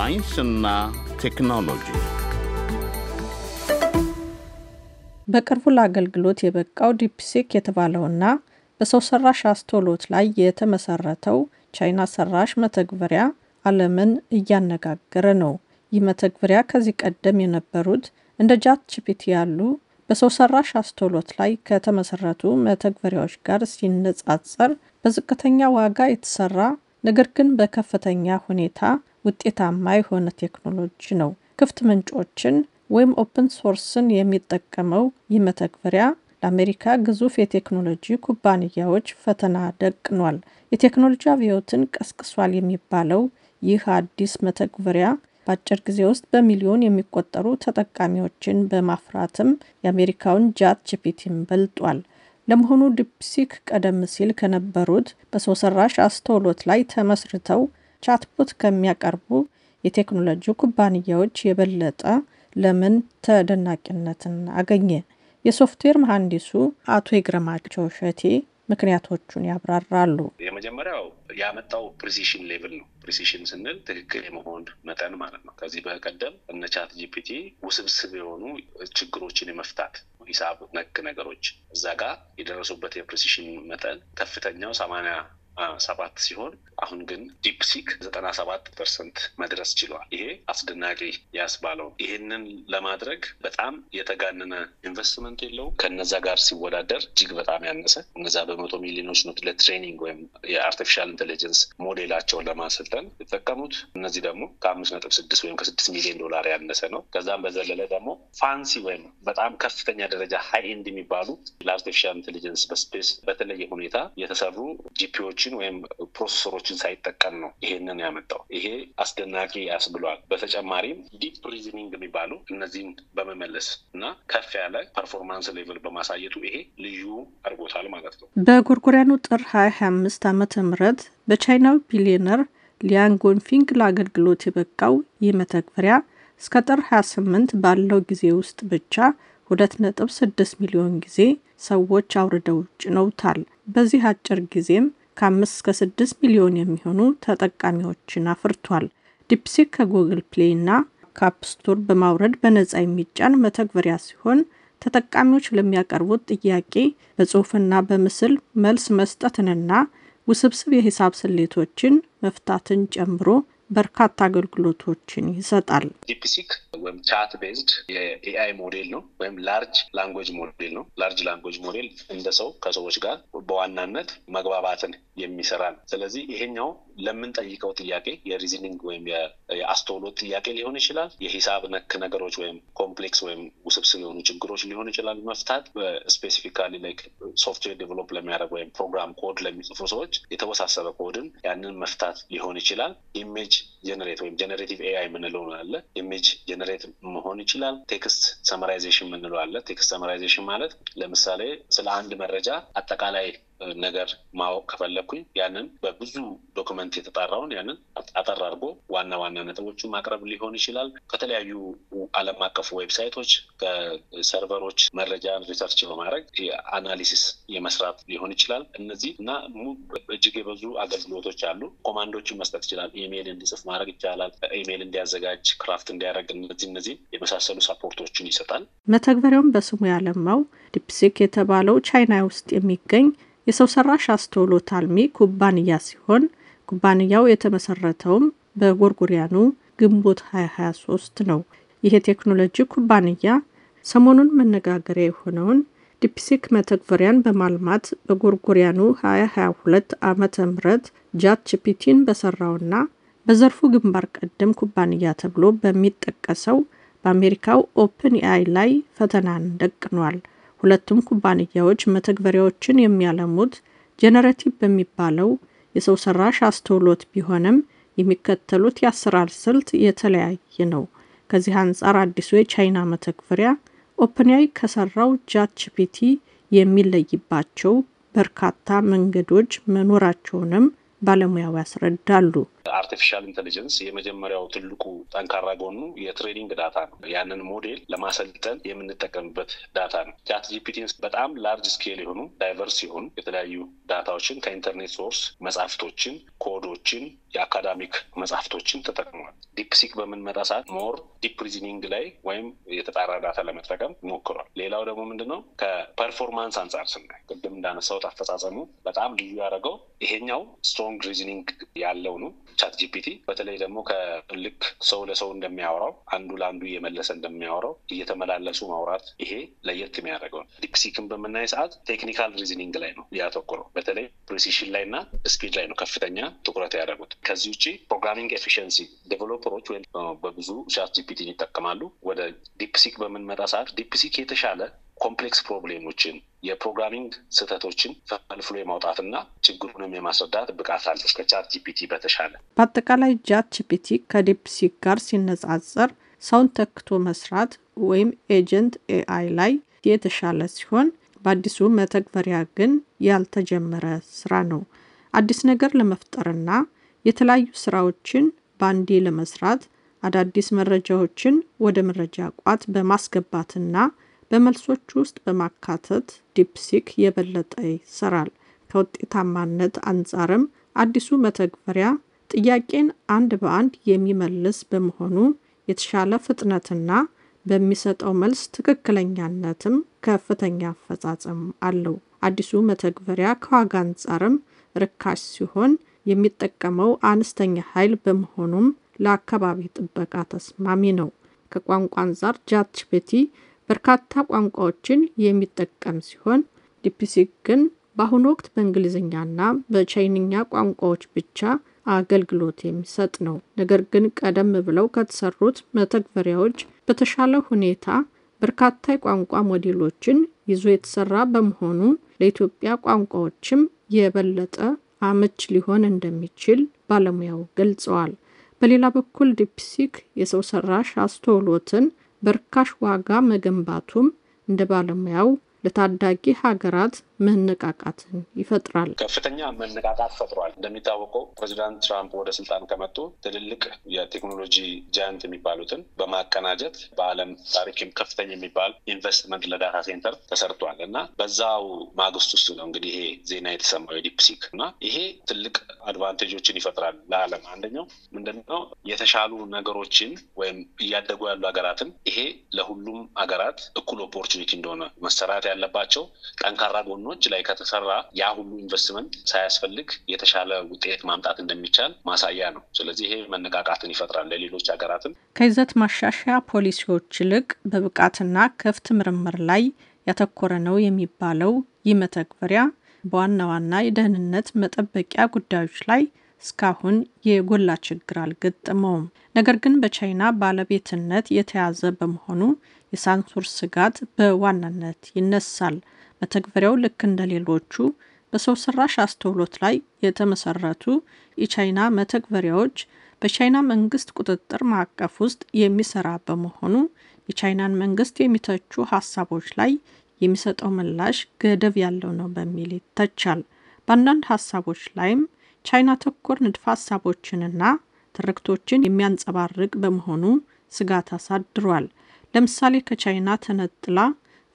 ሳይንስና ቴክኖሎጂ uh, በቅርቡ ለአገልግሎት የበቃው ዲፕሲክ የተባለውና በሰው ሰራሽ አስተውሎት ላይ የተመሰረተው ቻይና ሰራሽ መተግበሪያ ዓለምን እያነጋገረ ነው። ይህ መተግበሪያ ከዚህ ቀደም የነበሩት እንደ ጃት ጂፒቲ ያሉ በሰው ሰራሽ አስተውሎት ላይ ከተመሰረቱ መተግበሪያዎች ጋር ሲነጻጸር በዝቅተኛ ዋጋ የተሰራ ነገር ግን በከፍተኛ ሁኔታ ውጤታማ የሆነ ቴክኖሎጂ ነው። ክፍት ምንጮችን ወይም ኦፕን ሶርስን የሚጠቀመው ይህ መተግበሪያ ለአሜሪካ ግዙፍ የቴክኖሎጂ ኩባንያዎች ፈተና ደቅኗል። የቴክኖሎጂ አብዮትን ቀስቅሷል የሚባለው ይህ አዲስ መተግበሪያ በአጭር ጊዜ ውስጥ በሚሊዮን የሚቆጠሩ ተጠቃሚዎችን በማፍራትም የአሜሪካውን ጃት ጂፒቲን በልጧል። ለመሆኑ ዲፕሲክ ቀደም ሲል ከነበሩት በሰው ሰራሽ አስተውሎት ላይ ተመስርተው ቻትቦት ከሚያቀርቡ የቴክኖሎጂ ኩባንያዎች የበለጠ ለምን ተደናቂነትን አገኘ? የሶፍትዌር መሐንዲሱ አቶ ይግረማቸው ሸቴ ምክንያቶቹን ያብራራሉ። የመጀመሪያው ያመጣው ፕሪሲሽን ሌቭል ነው። ፕሪሲሽን ስንል ትክክል የመሆን መጠን ማለት ነው። ከዚህ በቀደም እነ ቻት ጂፒቲ ውስብስብ የሆኑ ችግሮችን የመፍታት ሂሳብ ነክ ነገሮች እዛ ጋር የደረሱበት የፕሪሲሽን መጠን ከፍተኛው ሰማንያ ሰባት ሲሆን አሁን ግን ዲፕሲክ ዘጠና ሰባት ፐርሰንት መድረስ ችሏል። ይሄ አስደናቂ ያስባለው ይህንን ለማድረግ በጣም የተጋነነ ኢንቨስትመንት የለው ከነዛ ጋር ሲወዳደር እጅግ በጣም ያነሰ እነዛ በመቶ ሚሊዮኖች ነው ለትሬኒንግ ወይም የአርቲፊሻል ኢንቴሊጀንስ ሞዴላቸውን ለማሰልጠን የተጠቀሙት። እነዚህ ደግሞ ከአምስት ነጥብ ስድስት ወይም ከስድስት ሚሊዮን ዶላር ያነሰ ነው። ከዛም በዘለለ ደግሞ ፋንሲ ወይም በጣም ከፍተኛ ደረጃ ሀይ ኤንድ የሚባሉ ለአርቲፊሻል ኢንቴሊጀንስ በስፔስ በተለየ ሁኔታ የተሰሩ ጂፒዎችን ወይም ፕሮሰሰሮች ቴክኖሎጂዎችን ሳይጠቀም ነው ይሄንን ያመጣው። ይሄ አስደናቂ ያስብሏል። በተጨማሪም ዲፕ ሪዝኒንግ የሚባሉ እነዚህን በመመለስ እና ከፍ ያለ ፐርፎርማንስ ሌቭል በማሳየቱ ይሄ ልዩ አድርጎታል ማለት ነው። በጎርጎሪያኑ ጥር ሀያ ሀያ አምስት ዓመተ ምህረት በቻይናዊ ቢሊዮነር ሊያንጎንፊንግ ለአገልግሎት የበቃው ይህ መተግበሪያ እስከ ጥር 28 ባለው ጊዜ ውስጥ ብቻ 2.6 ሚሊዮን ጊዜ ሰዎች አውርደው ጭነውታል። በዚህ አጭር ጊዜም ከአምስት እስከ ስድስት ሚሊዮን የሚሆኑ ተጠቃሚዎችን አፍርቷል። ዲፕሲክ ከጉግል ፕሌይ እና ከአፕስቶር በማውረድ በነጻ የሚጫን መተግበሪያ ሲሆን ተጠቃሚዎች ለሚያቀርቡት ጥያቄ በጽሑፍና በምስል መልስ መስጠትንና ውስብስብ የሂሳብ ስሌቶችን መፍታትን ጨምሮ በርካታ አገልግሎቶችን ይሰጣል። ዲፕሲክ ወይም ቻት ቤዝድ የኤአይ ሞዴል ነው ወይም ላርጅ ላንጉጅ ሞዴል ነው። ላርጅ ላንጉጅ ሞዴል እንደ ሰው ከሰዎች ጋር በዋናነት መግባባትን የሚሰራ ነው። ስለዚህ ይሄኛው ለምንጠይቀው ጥያቄ የሪዝኒንግ ወይም የአስተውሎት ጥያቄ ሊሆን ይችላል። የሂሳብ ነክ ነገሮች ወይም ኮምፕሌክስ ወይም ውስብስብ የሆኑ ችግሮች ሊሆን ይችላል መፍታት ስፔሲፊካሊ ላይክ ሶፍትዌር ዴቨሎፕ ለሚያደርግ ወይም ፕሮግራም ኮድ ለሚጽፉ ሰዎች የተወሳሰበ ኮድን ያንን መፍታት ሊሆን ይችላል። ኢሜጅ ጀነሬት ወይም ጀነሬቲቭ ኤአይ የምንለው አለ። ኢሜጅ ጀነሬት መሆን ይችላል። ቴክስት ሰመራይዜሽን የምንለው አለ። ቴክስት ሰመራይዜሽን ማለት ለምሳሌ ስለ አንድ መረጃ አጠቃላይ ነገር ማወቅ ከፈለግኩኝ ያንን በብዙ ዶክመንት የተጣራውን ያንን አጠር አድርጎ ዋና ዋና ነጥቦችን ማቅረብ ሊሆን ይችላል። ከተለያዩ ዓለም አቀፉ ዌብሳይቶች፣ ከሰርቨሮች መረጃ ሪሰርች በማድረግ አናሊሲስ የመስራት ሊሆን ይችላል። እነዚህ እና እጅግ የበዙ አገልግሎቶች አሉ። ኮማንዶችን መስጠት ይችላል። ኢሜይል እንዲጽፍ ማድረግ ይቻላል። ኢሜይል እንዲያዘጋጅ፣ ክራፍት እንዲያደርግ፣ እነዚህ እነዚህ የመሳሰሉ ሰፖርቶችን ይሰጣል። መተግበሪያውም በስሙ ያለማው ዲፕሲክ የተባለው ቻይና ውስጥ የሚገኝ የሰው ሰራሽ አስተውሎት አልሚ ኩባንያ ሲሆን ኩባንያው የተመሰረተውም በጎርጎሪያኑ ግንቦት 2023 ነው። ይህ የቴክኖሎጂ ኩባንያ ሰሞኑን መነጋገሪያ የሆነውን ዲፕሲክ መተግበሪያን በማልማት በጎርጎሪያኑ 2022 ዓመተ ምህረት ጃት ቺፒቲን በሰራውና በዘርፉ ግንባር ቀደም ኩባንያ ተብሎ በሚጠቀሰው በአሜሪካው ኦፕን ኤአይ ላይ ፈተናን ደቅኗል። ሁለቱም ኩባንያዎች መተግበሪያዎችን የሚያለሙት ጄነሬቲቭ በሚባለው የሰው ሰራሽ አስተውሎት ቢሆንም የሚከተሉት የአሰራር ስልት የተለያየ ነው። ከዚህ አንጻር አዲሱ የቻይና መተግበሪያ ኦፕንያይ ከሰራው ቻት ጂፒቲ የሚለይባቸው በርካታ መንገዶች መኖራቸውንም ባለሙያው ያስረዳሉ። አርቲፊሻል ኢንቴሊጀንስ የመጀመሪያው ትልቁ ጠንካራ ጎኑ የትሬኒንግ ዳታ ነው። ያንን ሞዴል ለማሰልጠን የምንጠቀምበት ዳታ ነው። ቻት ጂፒቲን በጣም ላርጅ ስኬል የሆኑ ዳይቨርስ የሆኑ የተለያዩ ዳታዎችን ከኢንተርኔት ሶርስ መጽሐፍቶችን፣ ኮዶችን የአካዳሚክ መጽሐፍቶችን ተጠቅሟል። ዲፕሲክ በምንመጣ ሰዓት ሞር ዲፕ ሪዝኒንግ ላይ ወይም የተጣራ ዳታ ለመጠቀም ሞክሯል። ሌላው ደግሞ ምንድነው ከፐርፎርማንስ አንጻር ስናይ ቅድም እንዳነሳሁት አፈጻጸሙ በጣም ልዩ ያደረገው ይሄኛው ስትሮንግ ሪዝኒንግ ያለው ነው። ቻት ጂፒቲ በተለይ ደግሞ ከልክ ሰው ለሰው እንደሚያወራው አንዱ ለአንዱ እየመለሰ እንደሚያወራው እየተመላለሱ ማውራት ይሄ ለየት የሚያደርገው ነው ዲፕሲክን በምናይ ሰዓት ቴክኒካል ሪዝኒንግ ላይ ነው ያተኩረው። በተለይ ፕሪሲሽን ላይ እና ስፒድ ላይ ነው ከፍተኛ ትኩረት ያደረጉት። ከዚህ ውጭ ፕሮግራሚንግ ኤፊሽንሲ ዴቨሎፐሮች ወይም በብዙ ቻት ጂፒቲ ይጠቀማሉ። ወደ ዲፕሲክ በምንመጣ ሰዓት ዲፕሲክ የተሻለ ኮምፕሌክስ ፕሮብሌሞችን የፕሮግራሚንግ ስህተቶችን ፈልፍሎ የማውጣትና ችግሩንም የማስረዳት ብቃት አለው ከቻት ጂፒቲ በተሻለ። በአጠቃላይ ቻት ጂፒቲ ከዲፕሲክ ጋር ሲነጻጸር ሰውን ተክቶ መስራት ወይም ኤጀንት ኤአይ ላይ የተሻለ ሲሆን በአዲሱ መተግበሪያ ግን ያልተጀመረ ስራ ነው። አዲስ ነገር ለመፍጠርና የተለያዩ ስራዎችን በአንዴ ለመስራት አዳዲስ መረጃዎችን ወደ መረጃ ቋት በማስገባትና በመልሶች ውስጥ በማካተት ዲፕሲክ የበለጠ ይሰራል። ከውጤታማነት አንጻርም አዲሱ መተግበሪያ ጥያቄን አንድ በአንድ የሚመልስ በመሆኑ የተሻለ ፍጥነትና በሚሰጠው መልስ ትክክለኛነትም ከፍተኛ አፈጻጸም አለው። አዲሱ መተግበሪያ ከዋጋ አንጻርም ርካሽ ሲሆን የሚጠቀመው አነስተኛ ኃይል በመሆኑም ለአካባቢ ጥበቃ ተስማሚ ነው። ከቋንቋ አንጻር ጃትቤቲ በርካታ ቋንቋዎችን የሚጠቀም ሲሆን ዲፕሲክ ግን በአሁኑ ወቅት በእንግሊዝኛና በቻይንኛ ቋንቋዎች ብቻ አገልግሎት የሚሰጥ ነው። ነገር ግን ቀደም ብለው ከተሰሩት መተግበሪያዎች በተሻለ ሁኔታ በርካታ የቋንቋ ሞዴሎችን ይዞ የተሰራ በመሆኑ ለኢትዮጵያ ቋንቋዎችም የበለጠ አመች ሊሆን እንደሚችል ባለሙያው ገልጸዋል። በሌላ በኩል ዲፕሲክ የሰው ሰራሽ አስተውሎትን በርካሽ ዋጋ መገንባቱም እንደ ባለሙያው ለታዳጊ ሀገራት መነቃቃትን ይፈጥራል። ከፍተኛ መነቃቃት ፈጥሯል። እንደሚታወቀው ፕሬዚዳንት ትራምፕ ወደ ስልጣን ከመጡ ትልልቅ የቴክኖሎጂ ጃያንት የሚባሉትን በማቀናጀት በዓለም ታሪክም ከፍተኛ የሚባል ኢንቨስትመንት ለዳታ ሴንተር ተሰርቷል እና በዛው ማግስት ውስጥ ነው እንግዲህ ይሄ ዜና የተሰማው የዲፕሲክ እና ይሄ ትልቅ አድቫንቴጆችን ይፈጥራል ለዓለም። አንደኛው ምንድነው የተሻሉ ነገሮችን ወይም እያደጉ ያሉ ሀገራትን ይሄ ለሁሉም ሀገራት እኩል ኦፖርቹኒቲ እንደሆነ መሰራት ያለባቸው ጠንካራ ጎኖች ላይ ከተሰራ ያ ሁሉ ኢንቨስትመንት ሳያስፈልግ የተሻለ ውጤት ማምጣት እንደሚቻል ማሳያ ነው። ስለዚህ ይሄ መነቃቃትን ይፈጥራል ለሌሎች ሀገራትም። ከይዘት ማሻሻያ ፖሊሲዎች ይልቅ በብቃትና ክፍት ምርምር ላይ ያተኮረ ነው የሚባለው ይህ መተግበሪያ በዋና ዋና የደህንነት መጠበቂያ ጉዳዮች ላይ እስካሁን የጎላ ችግር አልገጠመውም። ነገር ግን በቻይና ባለቤትነት የተያዘ በመሆኑ የሳንሱር ስጋት በዋናነት ይነሳል። መተግበሪያው ልክ እንደሌሎቹ በሰው ሰራሽ አስተውሎት ላይ የተመሰረቱ የቻይና መተግበሪያዎች በቻይና መንግስት ቁጥጥር ማዕቀፍ ውስጥ የሚሰራ በመሆኑ የቻይናን መንግስት የሚተቹ ሀሳቦች ላይ የሚሰጠው ምላሽ ገደብ ያለው ነው በሚል ይተቻል። በአንዳንድ ሀሳቦች ላይም ቻይና ተኮር ንድፈ ሀሳቦችንና ትርክቶችን የሚያንጸባርቅ በመሆኑ ስጋት አሳድሯል። ለምሳሌ ከቻይና ተነጥላ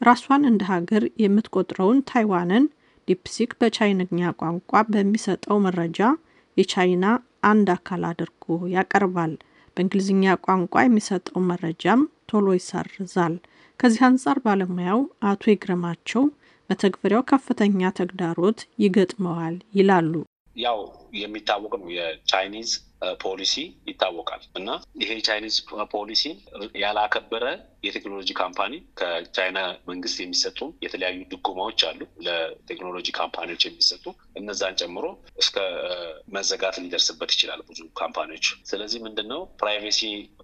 ራሷን እንደ ሀገር የምትቆጥረውን ታይዋንን ዲፕሲክ በቻይንኛ ቋንቋ በሚሰጠው መረጃ የቻይና አንድ አካል አድርጎ ያቀርባል። በእንግሊዝኛ ቋንቋ የሚሰጠው መረጃም ቶሎ ይሰርዛል። ከዚህ አንጻር ባለሙያው አቶ ይግረማቸው መተግበሪያው ከፍተኛ ተግዳሮት ይገጥመዋል ይላሉ። ያው የሚታወቅ ነው የቻይኒዝ ፖሊሲ ይታወቃል እና ይሄ ቻይኒዝ ፖሊሲ ያላከበረ የቴክኖሎጂ ካምፓኒ ከቻይና መንግስት የሚሰጡ የተለያዩ ድጎማዎች አሉ። ለቴክኖሎጂ ካምፓኒዎች የሚሰጡ እነዛን ጨምሮ እስከ መዘጋት ሊደርስበት ይችላል ብዙ ካምፓኒዎች። ስለዚህ ምንድነው ፕራይቬሲ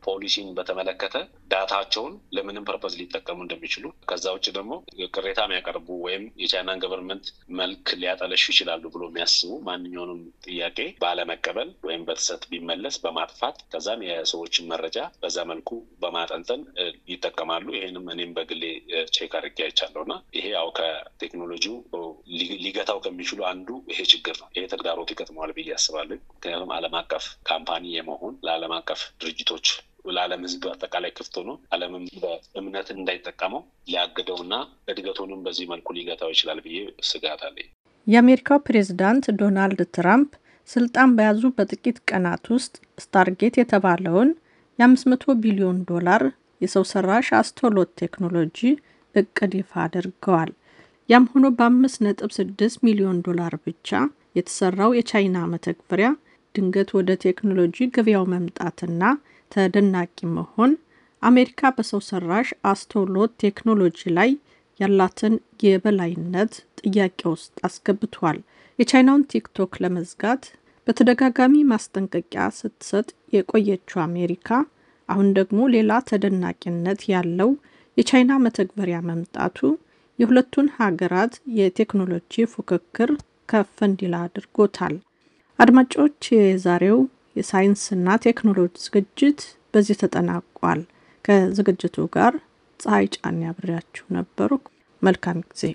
ፖሊሲን በተመለከተ ዳታቸውን ለምንም ፐርፐዝ ሊጠቀሙ እንደሚችሉ፣ ከዛ ውጭ ደግሞ ቅሬታ የሚያቀርቡ ወይም የቻይናን ገቨርንመንት መልክ ሊያጠለሹ ይችላሉ ብሎ የሚያስቡ ማንኛውንም ጥያቄ ባለመቀበል ወይም በተሰ ሀሰት ቢመለስ በማጥፋት ከዛም የሰዎችን መረጃ በዛ መልኩ በማጠንጠን ይጠቀማሉ። ይህንም እኔም በግሌ ቼክ አድርጌ አይቻለሁ እና ይሄ ያው ከቴክኖሎጂው ሊገታው ከሚችሉ አንዱ ይሄ ችግር ነው። ይሄ ተግዳሮት ይገጥመዋል ብዬ አስባለሁ። ምክንያቱም ዓለም አቀፍ ካምፓኒ የመሆን ለዓለም አቀፍ ድርጅቶች ለዓለም ሕዝብ አጠቃላይ ክፍት ሆኖ ዓለምም በእምነት እንዳይጠቀመው ሊያግደውና እድገቱንም በዚህ መልኩ ሊገታው ይችላል ብዬ ስጋት አለኝ። የአሜሪካው ፕሬዚዳንት ዶናልድ ትራምፕ ስልጣን በያዙ በጥቂት ቀናት ውስጥ ስታርጌት የተባለውን የ500 ቢሊዮን ዶላር የሰው ሰራሽ አስተውሎት ቴክኖሎጂ እቅድ ይፋ አድርገዋል። ያም ሆኖ በ5.6 ሚሊዮን ዶላር ብቻ የተሰራው የቻይና መተግበሪያ ድንገት ወደ ቴክኖሎጂ ገበያው መምጣትና ተደናቂ መሆን አሜሪካ በሰው ሰራሽ አስተውሎት ቴክኖሎጂ ላይ ያላትን የበላይነት ጥያቄ ውስጥ አስገብቷል። የቻይናውን ቲክቶክ ለመዝጋት በተደጋጋሚ ማስጠንቀቂያ ስትሰጥ የቆየችው አሜሪካ አሁን ደግሞ ሌላ ተደናቂነት ያለው የቻይና መተግበሪያ መምጣቱ የሁለቱን ሀገራት የቴክኖሎጂ ፉክክር ከፍ እንዲል አድርጎታል። አድማጮች፣ የዛሬው የሳይንስና ቴክኖሎጂ ዝግጅት በዚህ ተጠናቋል። ከዝግጅቱ ጋር ፀሐይ ጫን ያብሬያችሁ ነበሩ። መልካም ጊዜ